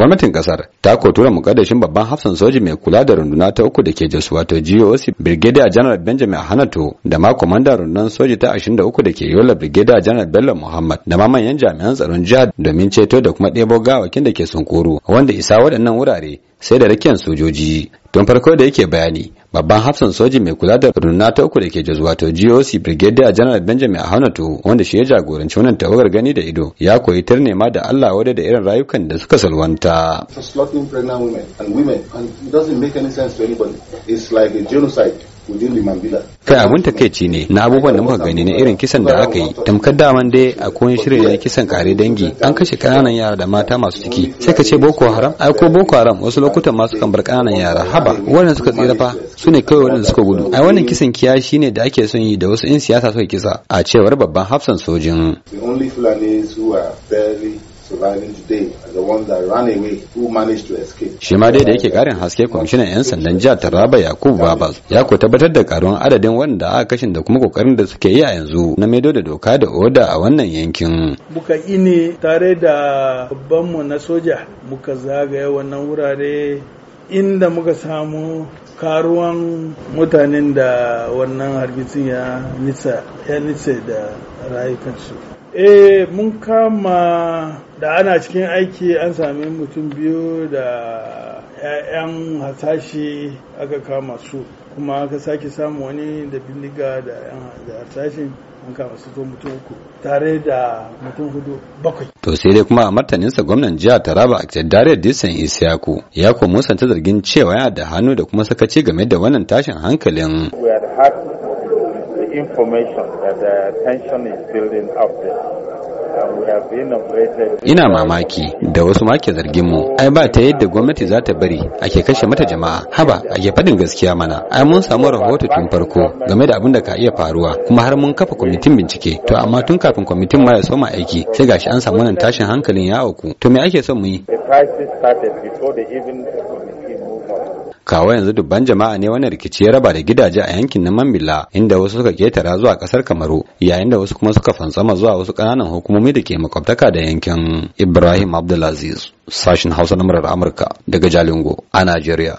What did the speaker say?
gwamnatin kasar ta ko tura mukaddashin babban hafsan soji mai kula da runduna ta uku da ke jos wato GOC Brigadier General Benjamin Hanato da ma komandan rundunar soji ta 23 da ke Yola Brigadier General Bello Muhammad da ma manyan jami'an tsaron jihar domin ceto da kuma ɗebo gawakin da ke sunkuru wanda isa waɗannan wurare sai da rakiyar sojoji tun farko da yake bayani babban hafsan soji mai kula da runa ta uku da ke jazuwa to GOC Brigadier General Benjamin Ahanatu wanda shi ya jagoranci wannan tawagar gani da ido ya koyi tar nema da Allah wadda da irin rayukan da suka salwanta. and and it doesn't It's like a genocide. kai abin takaici ne na abubuwan da muka gani na irin kisan da aka yi tamkar daman dai a koyon shirin ya kisan kare dangi an kashe kananan yara da mata masu ciki sai ka ce boko haram ai ko boko haram wasu lokutan masu kan bar kananan yara haba wannan suka tsira fa su ne kawai waɗanda suka gudu ai wannan kisan shi ne da ake son yi da wasu 'yan siyasa suka kisa a cewar babban hafsan sojin Shi ma dai da yake karin haske kwamishinan 'yan sandan jihar Taraba Yakubu Babas ya ko tabbatar da karuwan adadin wanda aka kashin da kuma kokarin da suke yi a yanzu na maido da doka da oda a wannan yankin. Muka ini tare da babbanmu na soja muka zagaya wannan wurare inda muka samu karuwan mutanen da wannan hargitsin ya nitsa da rayukansu. eh mun kama da ana cikin aiki an sami mutum biyu da 'ya'yan hasashe aka kama su kuma aka sake samu wani da bindiga da 'yan hasashen an kama su zo mutum uku tare da mutum hudu bakwai. To sai dai kuma a martaninsa gwamnan jihar Taraba a Dare Disan Isiyaku ya ko musanta zargin cewa yana da hannu da kuma sakaci game da wannan tashin hankalin. Ina mamaki da wasu make zargin mu. Ai ba ta yadda gwamnati za ta bari ake kashe mata jama'a. Haba ake faɗin gaskiya mana. Ai mun samu rahoto tun farko game da abin da ka iya faruwa kuma har mun kafa kwamitin bincike. To amma tun kafin kwamitin ma ya soma aiki sai gashi an samu nan tashin hankalin ya auku. To me ake son mu yi? kawo yanzu dubban jama'a ne wani rikici ya raba da gidaje a yankin na Mambila inda wasu suka ketara zuwa kasar Kamaru yayin da wasu kuma suka fantsama zuwa wasu kananan hukumomi da ke makwabtaka da yankin Ibrahim Abdulaziz sashin Hausa na murar Amurka daga Jalingo a Najeriya